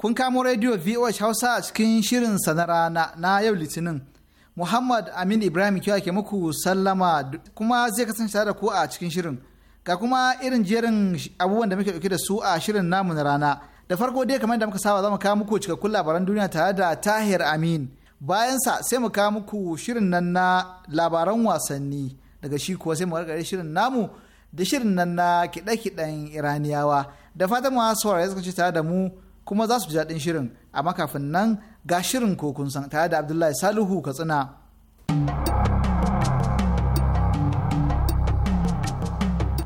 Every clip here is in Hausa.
Kun kamo radio VOH Hausa a cikin shirin na rana na yau Litinin. Muhammad Amin Ibrahim kiwa ke muku sallama kuma zai kasance tare da ku a cikin shirin. Ga kuma irin jerin abubuwan da muke dauke da su a shirin namu na rana. Da farko dai kamar da muka saba za mu kawo muku cikakkun labaran duniya tare da Tahir Amin. bayan sa sai mu kawo muku shirin nan na labaran wasanni. Daga shi kuwa sai mu gargare shirin namu da shirin nan na kiɗe-kiɗen Iraniyawa. Da fatan mu saurare suka tare da mu kuma za su ji daɗin shirin amma kafin nan ga shirin ko kun san tare da abdullahi salihu katsina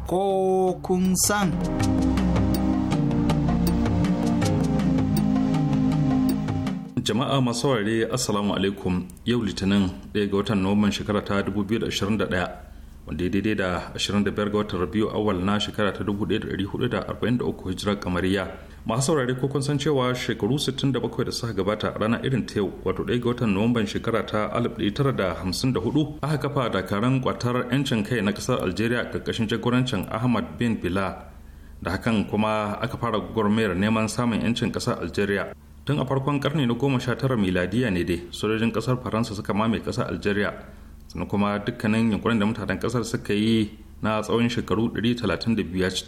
ko kun san jama'a masu ware assalamu alaikum yau litinin ɗaya ga watan noman shekara ta 2021 wanda daidai da 25 ga watan rabiu awal na shekara ta 1443 hijirar kamariya masu saurari ko kun san cewa shekaru 67 da suka gabata a ranar irin ta yau wato ɗaya ga watan nuwamban shekara ta 1954 aka kafa dakaran kwatar 'yancin kai na ƙasar algeria ƙarƙashin jagorancin ahmad bin bila da hakan kuma aka fara gwagwarmayar neman samun 'yancin ƙasar algeria tun a farkon karni na goma sha tara miladiya ne dai sojojin ƙasar faransa suka mame ƙasar algeria sannan kuma dukkanin yankunan da mutanen ƙasar suka yi na tsawon shekaru 135 ya ci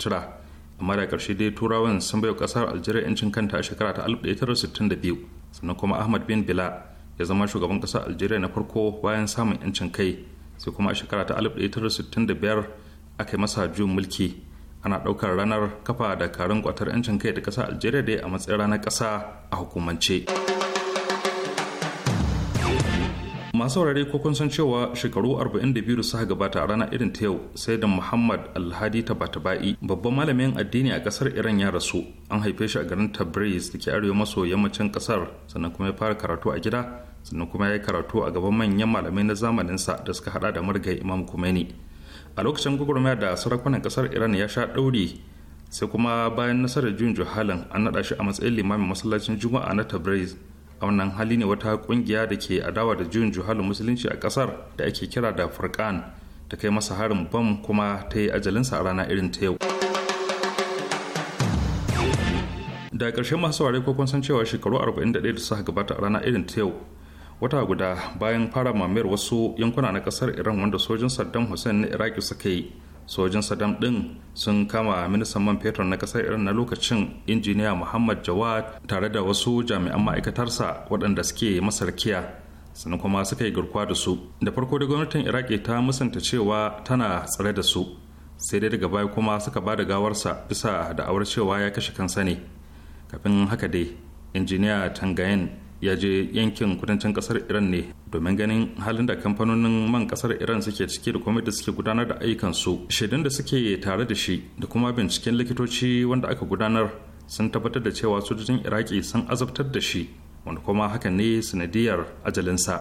amma da ƙarshe dai turawan sun bai ƙasar algeria 'yancin kanta a shekara ta 1962 sannan kuma ahmad bin bila ya zama shugaban ƙasar aljeriya na farko bayan samun 'yancin kai sai kuma a shekara ta 1965 aka yi masa juyin mulki ana ɗaukar ranar kafa da karin kwatar 'yancin kai da ƙasar aljeriya dai a matsayin ranar ƙasa a hukumance. masu wurare ko kun san cewa shekaru 42 da biyu suka gabata a rana irin ta yau sai da muhammad alhadi tabatabai babban malamin addini a kasar iran ya rasu an haife shi a garin tabriz da ke arewa maso yammacin kasar sannan kuma ya fara karatu a gida sannan kuma ya yi karatu a gaban manyan malamai na zamaninsa da suka hada da margai imam kumeni a lokacin gwagwarmaya da sarakunan kasar iran ya sha ɗauri sai kuma bayan nasarar juyin juhalin an naɗa shi a matsayin limamin masallacin juma'a na tabriz a wannan hali ne wata kungiya da ke adawa da juyin juhalin musulunci a kasar da ake kira da furkan ta kai masa harin bam kuma ta yi ajalinsa a rana irin ta yau da ƙarshen masu saurare ko kun san cewa shekaru 41 da suka gabata a rana irin ta yau wata guda bayan fara mamayar wasu yankuna na kasar iran wanda sojin saddam hussein na iraki suka yi sojin saddam ɗin sun kama ministan man fetur na kasar irin na lokacin injiniya muhammad jawad tare da wasu jami'an ma'aikatarsa waɗanda suke masarkiya sannan kuma suka yi garkuwa da su da farko da gwamnatin iraki ta musanta cewa tana tsare da su sai dai daga baya kuma suka ba da gawarsa bisa da'awar cewa ya kashe kansa ne kafin haka dai injiniya tangayin ya je yankin kudancin kasar iran ne domin ganin halin da kamfanonin man kasar iran suke ciki da kuma da suke gudanar da ayyukansu shaidun da suke tare da shi da kuma binciken likitoci wanda aka gudanar sun tabbatar da cewa sojojin iraki sun azabtar da shi wanda kuma hakan ne sanadiyar ajalinsa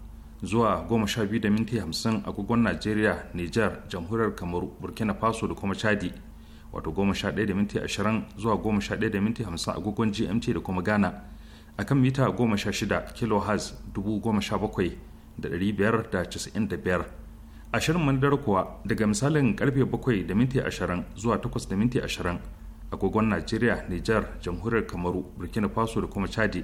zuwa goma sha biyu da minti hamsin agogon najeriya niger jamhuriyar kamaru burkina faso da kuma chadi wato goma sha ɗaya zuwa goma sha ɗaya da agogon gmt da kuma ghana akan mita goma sha shida kilohertz dubu goma sha bakwai da ɗari biyar da da biyar ashirin mandar kuwa daga misalin karfe bakwai da minti ashirin zuwa takwas da minti ashirin agogon najeriya niger jamhuriyar kamaru burkina faso da kuma chadi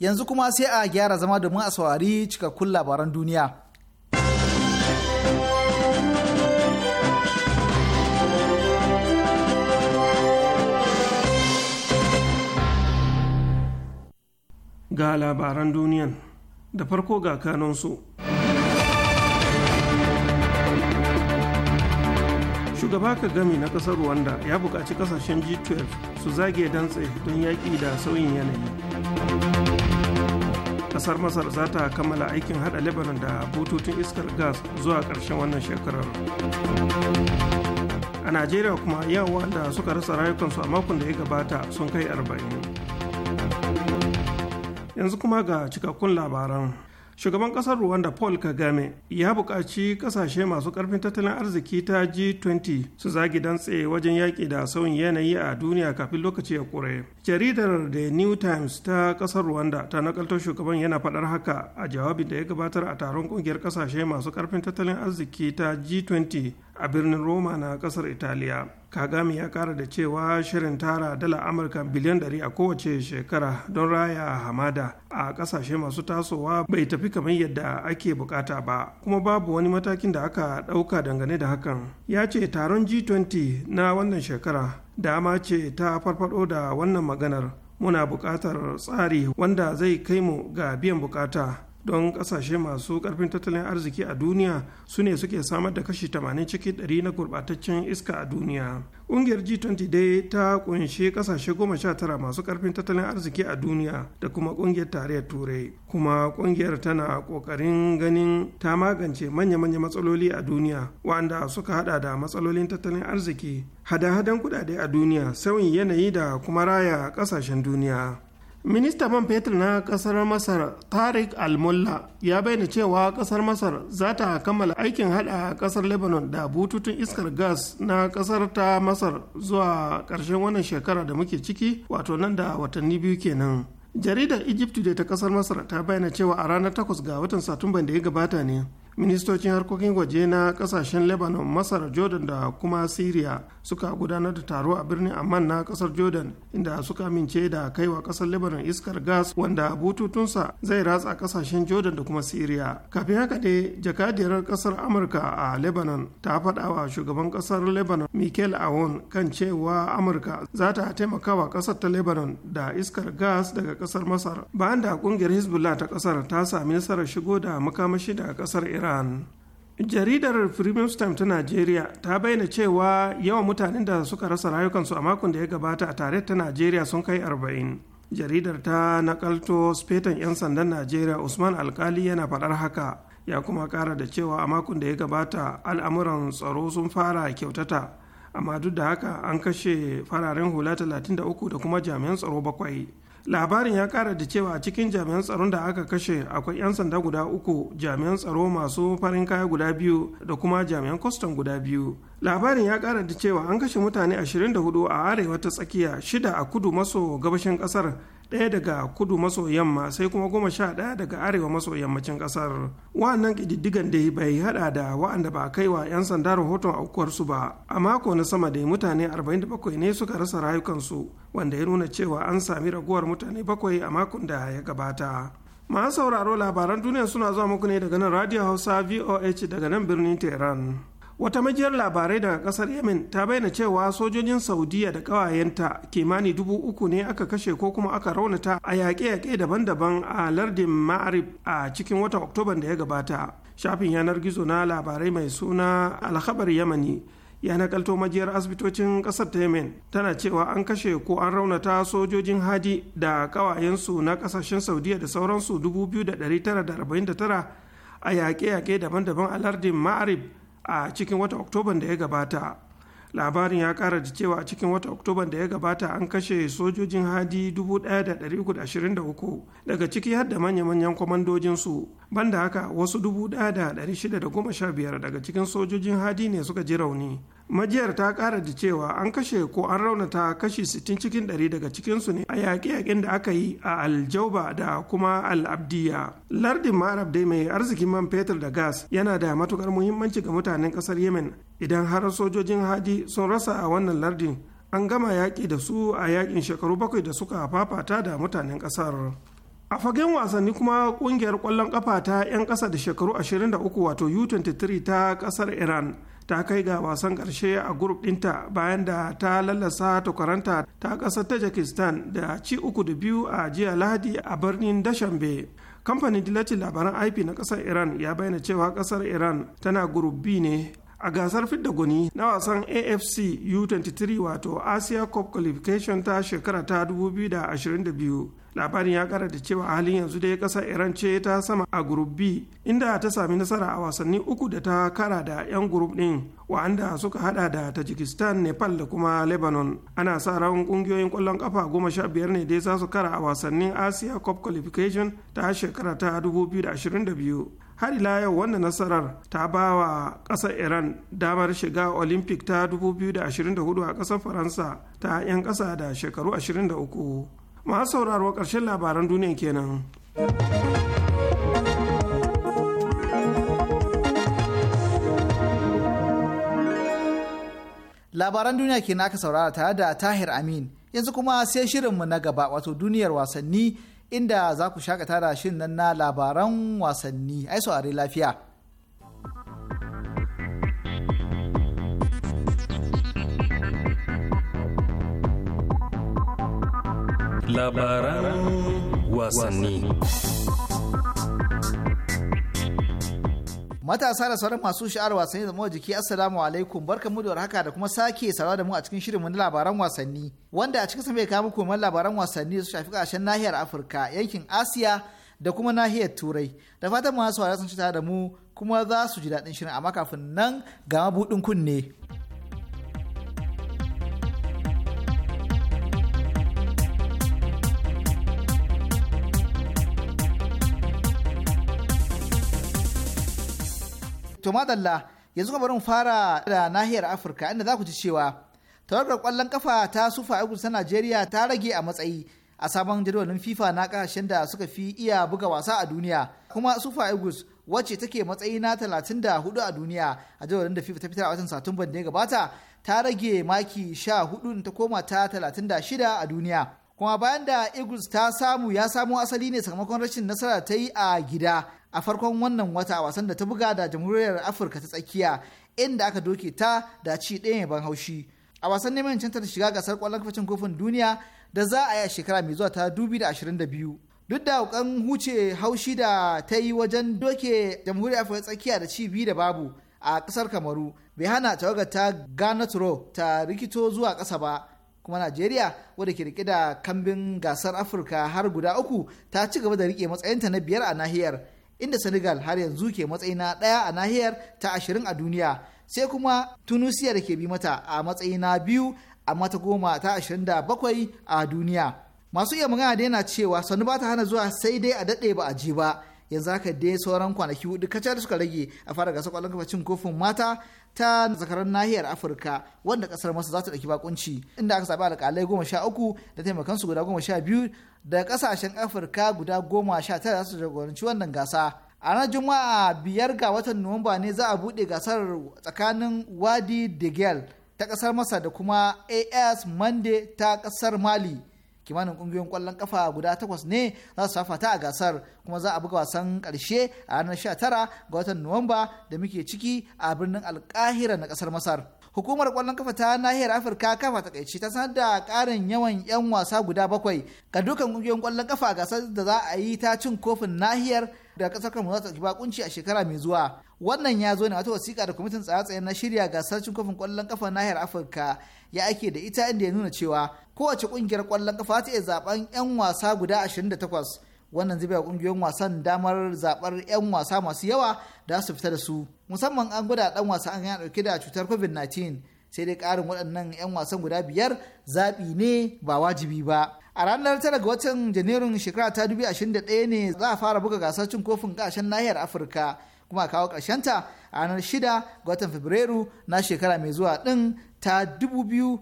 yanzu kuma sai a gyara zama da mu a saurari cikakkun labaran duniya. Ga labaran duniyan da farko ga kanonsu. Shugaba gami na ƙasar Rwanda ya buƙaci ƙasashen G12 su zage dantse don yaƙi da sauyin yanayi. kasar masar za ta kammala aikin hada lebanon da bututun iskar gas zuwa ƙarshen wannan shekarar a najeriya kuma yawan wanda suka rasa rayukansu a makon da ya gabata sun kai arba'in. yanzu kuma ga cikakkun labaran shugaban kasar rwanda paul kagame ya buƙaci kasashe masu karfin tattalin arziki ta g20 su zagi dantse wajen yaƙi da sauyin yanayi a duniya kafin lokaci ya kure jaridar the new times ta kasar rwanda ta nakaltar shugaban yana faɗar haka a jawabin da ya gabatar a taron ƙungiyar kasashe masu karfin tattalin arziki ta g20 a birnin roma na kasar italiya kagami ya kara da cewa shirin tara dala amurka biliyan 100 a kowace shekara don raya hamada a kasashe masu tasowa bai tafi kamar yadda ake bukata ba kuma babu wani matakin da aka dauka dangane da hakan ya ce taron g20 na wannan shekara dama ce ta farfado da wannan maganar muna bukatar tsari wanda zai kai mu ga biyan bukata don kasashe masu karfin tattalin arziki a duniya su ne suke samar da kashi 80 ciki 100 na gurbataccen iska a duniya ƙungiyar g20 dai ta kunshi kasashe 19 masu karfin tattalin arziki a duniya da kuma ƙungiyar tarayyar turai kuma ƙungiyar tana ƙoƙarin ganin ta magance manya-manya matsaloli a duniya wanda suka hada da matsalolin tattalin arziki hada-hadan kudade a duniya sauyin yanayi da kuma raya ƙasashen duniya Minista man fetur na kasar Masar Tariq Al-Mulla ya bayyana cewa kasar Masar za ta kammala aikin hada kasar Lebanon da bututun iskar gas na kasar ta Masar zuwa ƙarshen wannan shekara da muke ciki wato nan da watanni biyu kenan. Jaridar Egypt da ta kasar Masar ta bayyana cewa a ranar 8 ga watan Satumban da ya gabata ne ministocin harkokin waje na kasashen lebanon masar jordan da kuma syria suka gudanar da taro a birnin amman na kasar jordan inda suka mince da kaiwa kasar lebanon iskar gas wanda bututunsa zai ratsa kasashen jordan da kuma syria kafin haka dai jakadiyar kasar amurka a lebanon ta faɗa shugaban kasar lebanon michael awon kan cewa amurka za ta taimaka wa kasar ta lebanon da iskar gas daga kasar masar bayan da kungiyar hezbollah ta kasar ta sami nasarar shigo da makamashi daga kasar iran iran jaridar premium time ta najeriya ta bayyana cewa yawan mutanen da suka rasa rayukansu a makon da ya gabata a tare ta najeriya sun kai arba'in. jaridar ta nakalto spetan 'yan sandan najeriya usman alkali yana faɗar haka ya kuma ƙara da cewa a makon da ya gabata al'amuran tsaro sun fara kyautata amma duk da haka an kashe fararen hula 33 da kuma jami'an tsaro bakwai labarin ya kara da cewa a cikin jami'an tsaron da aka kashe akwai 'yan sanda guda uku jami'an tsaro masu farin kaya guda biyu da kuma jami'an kwastam guda biyu labarin ya kara da cewa an kashe mutane 24 a arewa ta tsakiya shida a kudu maso gabashin kasar ɗaya daga kudu maso yamma sai kuma goma sha ɗaya daga arewa maso yammacin ƙasar wa'annan ƙididdigan dai bai haɗa da wa'anda ba kai wa 'yan sanda rahoton aukuwarsu ba a mako na sama da mutane 47 ne suka rasa rayukansu wanda ya nuna cewa an sami raguwar mutane bakwai a makon da ya gabata masu sauraro labaran duniya suna zuwa muku ne daga nan radio hausa voh daga nan birnin tehran wata majiyar labarai daga kasar yemen ta bayyana cewa sojojin saudiya da kawayenta kimani dubu uku ne aka kashe ko kuma aka raunata a yaƙe-yaƙe daban-daban a lardin ma'arib a cikin watan oktoban da ya gabata shafin yanar gizo na labarai mai suna alhabar yamani ya nakalto majiyar asibitocin kasar ta yemen tana cewa an kashe ko an raunata sojojin hadi da kawayensu na kasashen saudiya da sauransu 2949 a yaƙe-yaƙe daban-daban a lardin ma'arib a cikin wata oktoban da ya gabata labarin ya kara da cewa cikin wata oktoban da ya gabata an kashe sojojin hadi 1,323 daga ciki har da manya-manyan kwamandojinsu banda haka wasu 1,615 daga cikin sojojin hadi ne suka ji rauni majiyar ta kara da cewa an kashe ko an raunata kashi 60 cikin 100 daga cikinsu ne a yaƙe-yaƙen da aka yi a aljauba da kuma al'abdiya lardin marab dai mai arzikin man fetur da gas yana da matukar muhimmanci ga mutanen ƙasar yemen idan har sojojin hadi sun rasa a wannan lardin an gama yaƙi da su a yaƙin shekaru bakwai da suka fafata da mutanen ƙasar a fagen wasanni kuma kungiyar kwallon kafa ta 'yan ƙasa da shekaru 23 wato u-23 ta ƙasar iran ta kai ga wasan ƙarshe a grup ɗinta bayan da ta lallasa takwaranta ta ƙasar tajikistan da ci uku da biyu a jiya lahadi a birnin dashambe kamfanin dilacin labaran ip na ƙasar iran ya bayyana cewa ƙasar iran tana gurup b ne a gasar fidda guni na wasan afc u23 wato asia cup qualification ta shekara ta 2022 labarin ya kara da cewa halin yanzu dai kasar iran ce ta sama a group b inda ta sami nasara a wasanni uku da ta kara da 'yan group din wa'anda suka hada da tajikistan nepal da kuma lebanon ana sa ran kungiyoyin kwallon kafa goma sha biyar ne dai za su kara a wasannin asia cup qualification ta shekara ta 2022 har ila yau wannan nasarar ta ba wa ƙasar iran damar shiga olympic ta 2024 a ƙasar faransa ta 'yan ƙasa da shekaru 23 masu sauraro ƙarshen labaran duniya kenan. labaran duniya ke naka saurara tare da tahir amin yanzu kuma sai shirinmu na gaba wato duniyar wasanni inda za ku shakata da shirin nan na labaran wasanni ai saurari lafiya Labaran wasanni. Matasa da sauran masu sha'ar wasanni da mawa jiki Assalamu alaikum barkamu da haka da kuma sake saurara da mu a cikin shirin na labaran wasanni wanda a cikin sa mai kawo kuma labaran wasanni su shafi kashen nahiyar Afirka yankin Asiya da kuma nahiyar Turai da fatan masu saurara sun ci da mu kuma za su ji daɗin shirin amma kafin nan ga mabuɗin kunne. to madalla yanzu kuma bari mu fara da nahiyar afirka inda za ku ji cewa tawagar kwallon kafa ta sufa eagles ta najeriya ta rage a matsayi a sabon jadawalin fifa na kasashen da suka fi iya buga wasa a duniya kuma sufa eagles wacce take matsayi na 34 a duniya a jadawalin da fifa ta fitar a watan satumban da ya gabata ta rage maki 14 ta koma ta 36 a duniya kuma bayan da eagles ta samu ya samo asali ne sakamakon rashin nasara ta yi a gida a farkon wannan wata a wasan da ta buga da jamhuriyar afirka ta tsakiya inda aka doke ta da ci ɗaya ban haushi a wasan neman cantar shiga gasar kwallon kafacin kofin duniya da za a yi a shekara mai zuwa ta biyu. duk da hukan huce haushi da ta yi wajen doke jamhuriyar afirka tsakiya da ci biyu da babu a kasar kamaru bai hana tawagar ta ghana turo ta rikito zuwa kasa ba kuma najeriya wadda ke rike da kambin gasar afirka har guda uku ta ci gaba da rike matsayinta na biyar a nahiyar inda senegal har yanzu ke matsayi na ɗaya a nahiyar ta ashirin a duniya sai kuma tunisia da ke bi mata a matsayi na biyu amma ta goma ta ashirin da bakwai a duniya masu iya magana da yana cewa sannu ba ta hana zuwa sai dai a daɗe ba a ji ba yanzu haka dai sauran kwanaki hudu kacal suka rage a fara gasar kwallon kafa kofin mata ta zakarar nahiyar afirka wanda kasar masa za ta ɗauki bakunci inda aka zaɓi alƙalai goma sha uku da taimakon su guda goma sha biyu da ƙasashen afirka guda goma sha tara su jagoranci wannan gasa a ranar juma'a biyar ga watan nuwamba ne za a buɗe gasar tsakanin wadi de ta kasar masa da kuma as monday ta kasar mali kimanin kungiyoyin kwallon kafa guda takwas ne za su safata a gasar kuma za a buga wasan karshe a ranar 19 ga watan nuwamba da muke ciki a birnin alkahira na kasar masar hukumar kwallon kafa ta nahiyar afirka kafa takaici ta sanar da karin yawan yan wasa guda bakwai ga dukan kungiyoyin kwallon kafa a gasar da za a yi ta cin kofin nahiyar daga kasar kan za ta ɗauki bakunci a shekara mai zuwa wannan ya zo ne wata wasiƙa da kwamitin tsare-tsare na shirya gasar cin kofin ƙwallon kafa nahiyar afirka ya ake da ita inda ya nuna cewa kowace ƙungiyar ƙwallon kafa ta iya zaben 'yan wasa guda da 28 wannan zai bai kungiyoyin wasan damar zabar 'yan wasa masu yawa da su fita da su musamman an gwada ɗan wasa an yana dauke da cutar covid-19 sai dai karin waɗannan 'yan wasan guda biyar zaɓi ne ba wajibi ba a ranar tara ga watan janairun shekara ta 2021 ne za a fara buga gasar cin kofin kashen nahiyar afirka kuma a kawo ta a ranar shida ga watan fabrairu na shekara mai zuwa ɗin ta biyu.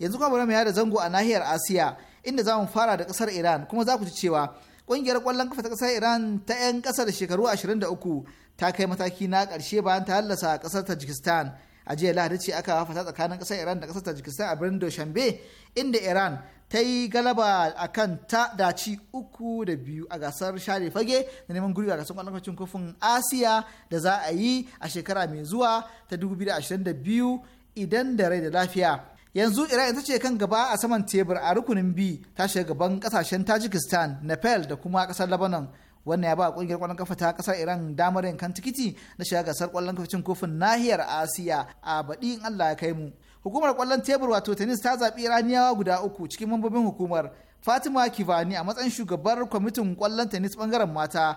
yanzu kuma bari mu yada zango a nahiyar asiya inda za mu fara da kasar iran kuma za ku ci cewa kungiyar kwallon kafa ta kasar iran ta 'yan kasar shekaru 23 ta kai mataki na karshe bayan ta hallasa kasar tajikistan a jiya lahadi ce aka fata tsakanin kasar iran da kasar tajikistan a birnin doshambe inda iran ta yi galaba a kan ta daci uku da biyu a gasar share fage da neman guri a gasar kwallon kofin asiya da za a yi a shekara mai zuwa ta 2022 idan da rai da lafiya yanzu iran ita ce kan gaba a saman tebur a rukunin b ta shiga gaban kasashen tajikistan nepal da kuma kasar lebanon wannan ya ba kungiyar kwallon kafa ta kasar iran damar kan tikiti na shiga gasar kwallon kafa cin kofin nahiyar asiya a baɗi in allah ya kai mu hukumar kwallon tebur wato tennis ta zaɓi iraniyawa guda uku cikin mambobin hukumar fatima kivani a matsayin shugabar kwamitin kwallon tennis bangaren mata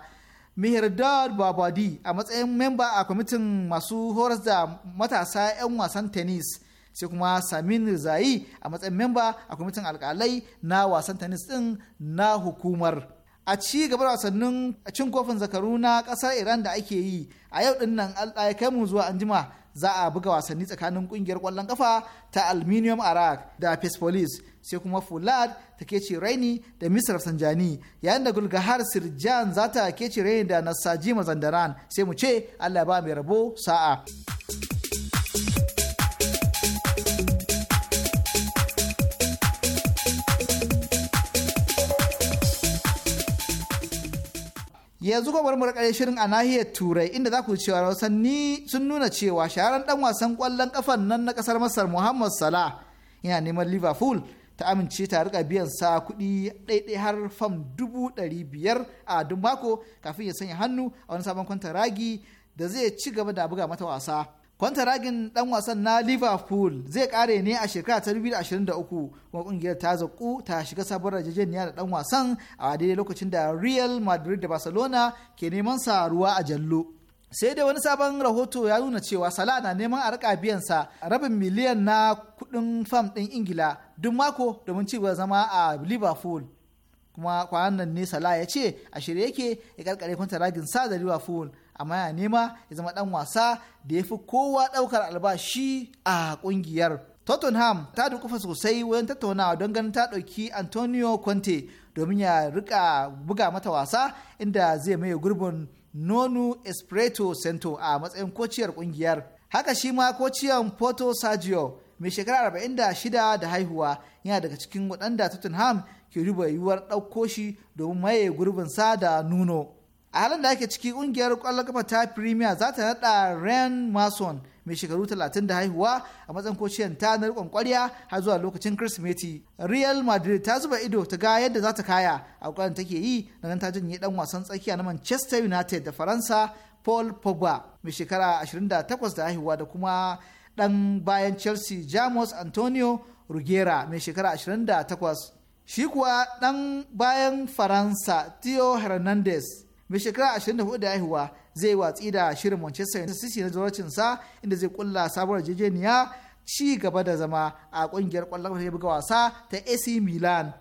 Mihrdad Babadi a matsayin memba a kwamitin masu horas da matasa 'yan wasan tennis sai kuma samin rizayi a matsayin memba a kwamitin alkalai na wasan tennis din na hukumar a ci gaba da wasannin cin kofin zakaru na kasar iran da ake yi a yau din nan kai mu zuwa anjima za a buga wasanni tsakanin kungiyar kwallon kafa ta aluminium arak da police sai kuma fulad ta kece raini da misr sanjani yayin da gulgahar sirjan za ta kece raini da nasaji mazandaran sai mu ce allah ba mai rabo sa'a. yanzu kuma bari mu shirin a nahiyar turai inda za ku cewa wasanni sun nuna cewa shaharar dan wasan kwallon kafan nan na kasar masar muhammad salah yana neman liverpool ta amince ta rika biyan sa kuɗi ɗaiɗai har fam dubu ɗari biyar a duk mako kafin ya sanya hannu a wani sabon ragi da zai ci gaba da buga mata wasa kwanta ragin dan wasan na liverpool zai kare ne a shekara ta 2023 kuma kungiyar ta zaku ta shiga sabon rajajeniya da dan wasan a daidai lokacin da real madrid da barcelona ke neman sa ruwa a jallo sai dai wani sabon rahoto ya nuna cewa sala na neman a rika biyansa rabin miliyan na kudin fam din ingila duk mako domin ci zama a liverpool kuma kwanan nan ne sala ya ce a shirye yake ya karkare ragin sa da liverpool amma yana nema ya zama dan wasa da ya fi kowa daukar albashi a kungiyar tottenham ta dukufa sosai wajen tattaunawa don ganin ta dauki antonio conte domin ya rika buga mata wasa inda zai maye gurbin nonu espirito santo a matsayin kociyar kungiyar haka shi ma kociyar porto sergio mai shekara 46 da haihuwa yana daga cikin waɗanda tottenham ke duba yiwuwar ɗauko shi domin maye gurbinsa da nuno a halin da ake ciki kungiyar kwallon kafa ta premier za ta nada ren mason mai shekaru 30 da haihuwa a matsayin kociyar ta na rikon kwarya har zuwa lokacin kirsimeti real madrid ta zuba ido ta ga yadda za ta kaya a kwallon take yi na nan ta janye dan wasan tsakiya na manchester united da faransa paul pogba mai shekara 28 da haihuwa da kuma dan bayan chelsea jamus antonio rugera mai shekara 28 shi kuwa ɗan bayan faransa theo hernandez mai shekara 24 da haihuwa zai watsi da shirin manchester united city na jagorancinsa inda zai kulla sabuwar jejeniya ci gaba da zama a kungiyar kwallon kafa buga wasa ta ac milan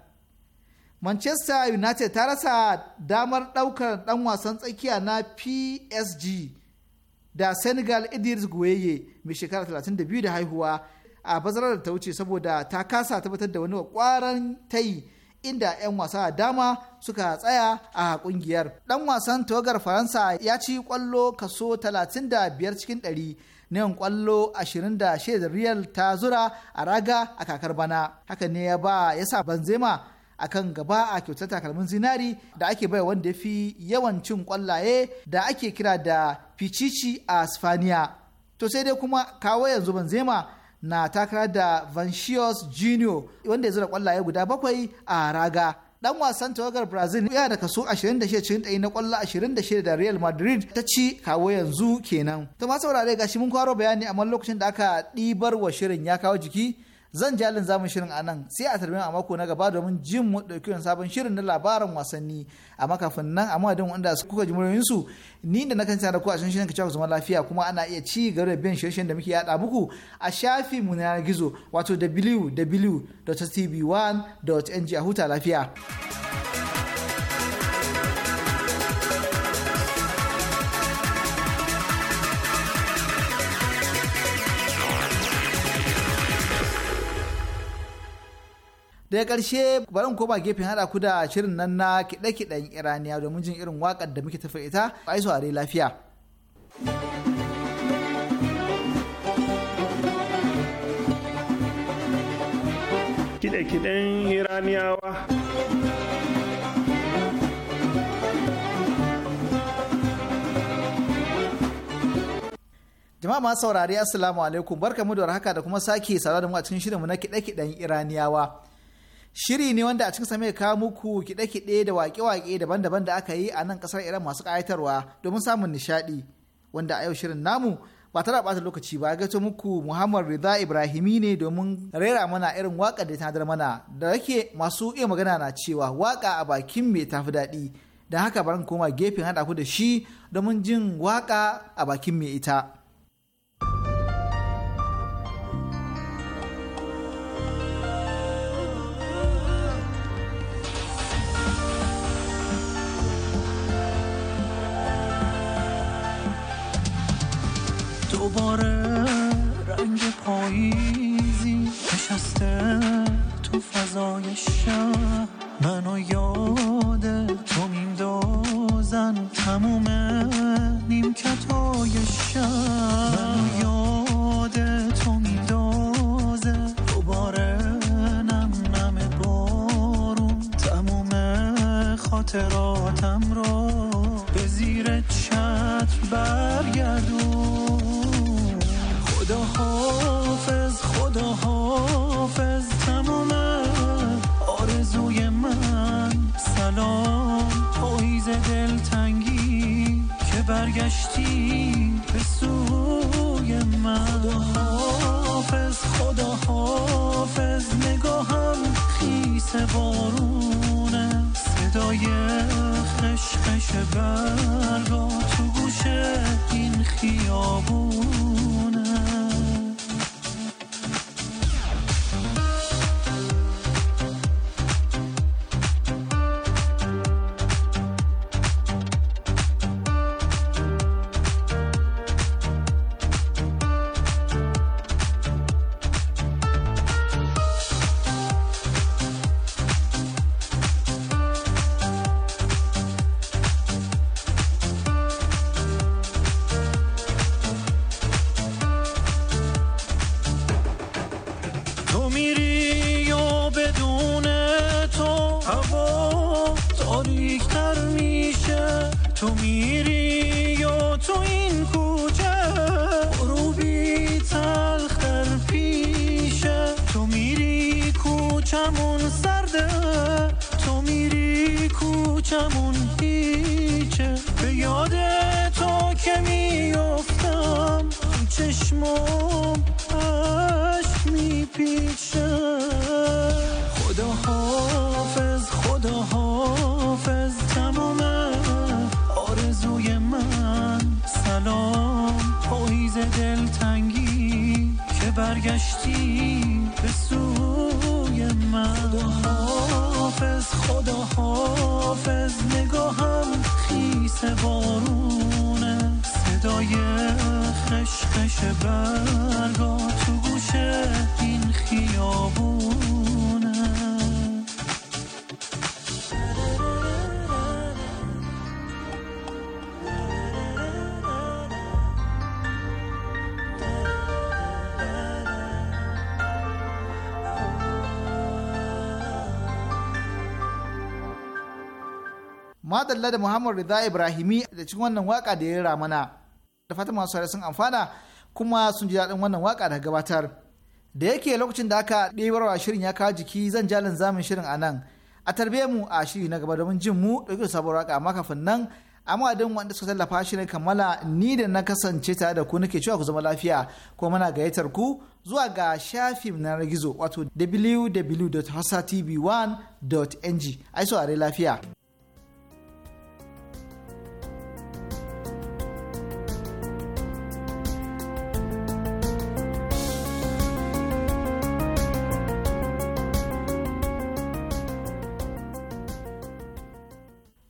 manchester united ta rasa damar daukar dan wasan tsakiya na psg da senegal idris gueye mai shekara 32 da haihuwa a bazarar da ta wuce saboda ta kasa tabbatar da wani kwaran tayi inda 'yan wasa dama suka tsaya a kungiyar. Dan wasan tawagar Faransa ya ci kwallo kaso 35 cikin 100 na kwallo 26 Real ta zura a raga a kakar bana. Haka ne ya ba ya sa a kan gaba a kyautar takalmin zinari da ake bai wanda ya fi yawan cin kwallaye da ake kira da Pichichi a Sifaniya, To sai dai kuma kawo yanzu Zema. na takara da Vanicius Junior wanda ya zura kwallaye guda bakwai a raga. Dan wasan tawagar Brazil ya da kaso 26 cikin ɗari na kwallo 26 da Real Madrid ta ci kawo yanzu kenan. To ma saurare gashi mun kwaro bayani amma lokacin da aka ɗibar wa shirin ya kawo jiki zan jalin zamun shirin a nan sai a tarbiyar a mako na gaba domin jin mu ɗauki wani sabon shirin na labaran wasanni amma kafin nan a madadin wanda kuka ji muryoyin su ni da nakan da ku a shirin ka cewa zama lafiya kuma ana iya ci gaba da biyan shirin da muke yada muku a shafi mu na gizo wato www.tv1.ng a huta lafiya. daga ƙarshe bari ko ba gefen hada ku da shirin nan na kiɗe-kiɗen iraniya domin jin irin wakar da muke tafi ita a yi saurari lafiya. Kiɗe-kiɗen iraniyawa Jama'a masu saurari Assalamu alaikum barkamu da haka da kuma sake saurara da mu a cikin shirinmu na kiɗe-kiɗen Iraniyawa. shiri ne wanda a cikin same kawo muku kiɗe-kiɗe da waƙe-waƙe daban-daban da aka yi a nan ƙasar iran masu ƙayatarwa domin samun nishaɗi wanda a yau shirin namu ba tara ɓata lokaci ba ta muku muhammad rida ibrahimi ne domin rera mana irin waƙa da ta tanadar mana da yake masu iya magana na cewa waƙa a bakin mai tafi daɗi don haka bari koma gefen haɗa ku da shi domin jin waƙa a bakin mai ita. دوباره رنگ پاییزی نشسته تو فضای شهر منو یاد تو میندازی پیشم خدا حافظ خدا حافظ تمام آرزوی من سلام پاییز دلتنگی که برگشتی به سوی من خدا حافظ خدا حافظ نگاهم خیس بارونه صدای خشخش خش همیشه این خیابونه madalla da Muhammad Rida Ibrahimi da cikin wannan waka da ya ramana da fatan masu sun amfana kuma sun ji daɗin wannan waka da gabatar da yake lokacin da aka ɗebarwa shirin ya kawo jiki zan jalin zamin shirin a nan a tarbe mu a shiri na gaba domin jin mu ɗauki da sabon waka amma kafin nan a don wanda suka tallafa shi kammala ni da na kasance tare da ku nake cewa ku zama lafiya ko muna gayyatar ku zuwa ga shafin na gizo wato wwwhasatv 1ng ai saurare lafiya.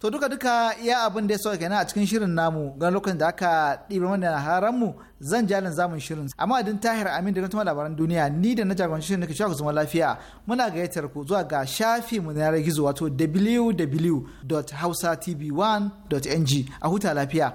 to duka duka iya abin da ya sauka kenan a cikin shirin namu ga lokacin da aka ɗiba mana na haran mu zan jalin zamun shirin amma adin tahir amin da kuma labaran duniya ni da na jagoranci shirin nake cewa ku zama lafiya muna gayyatar ku zuwa ga shafi mu na yare gizo wato www.hausatv1.ng a huta lafiya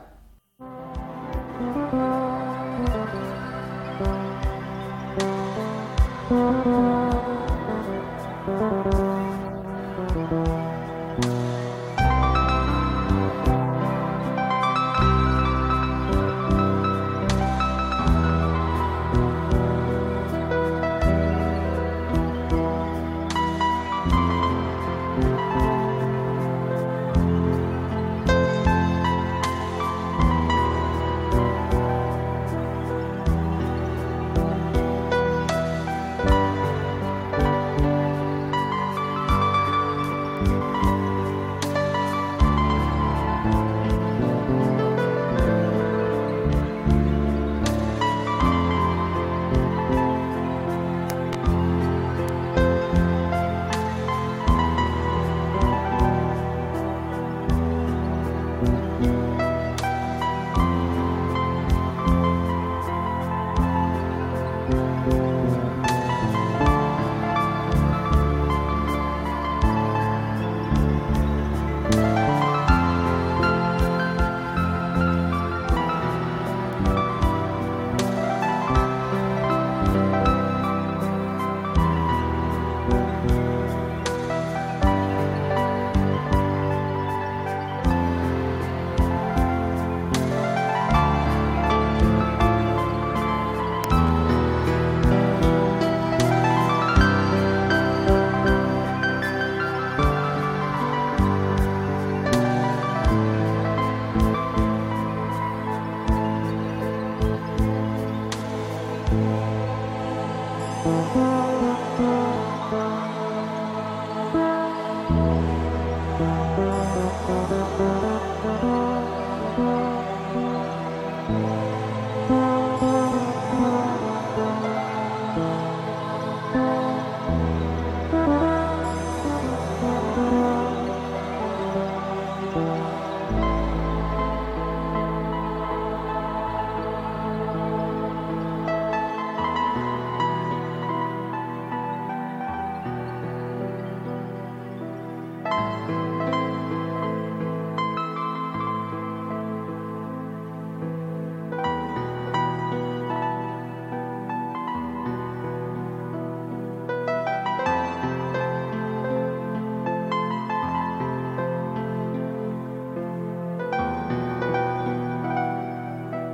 Música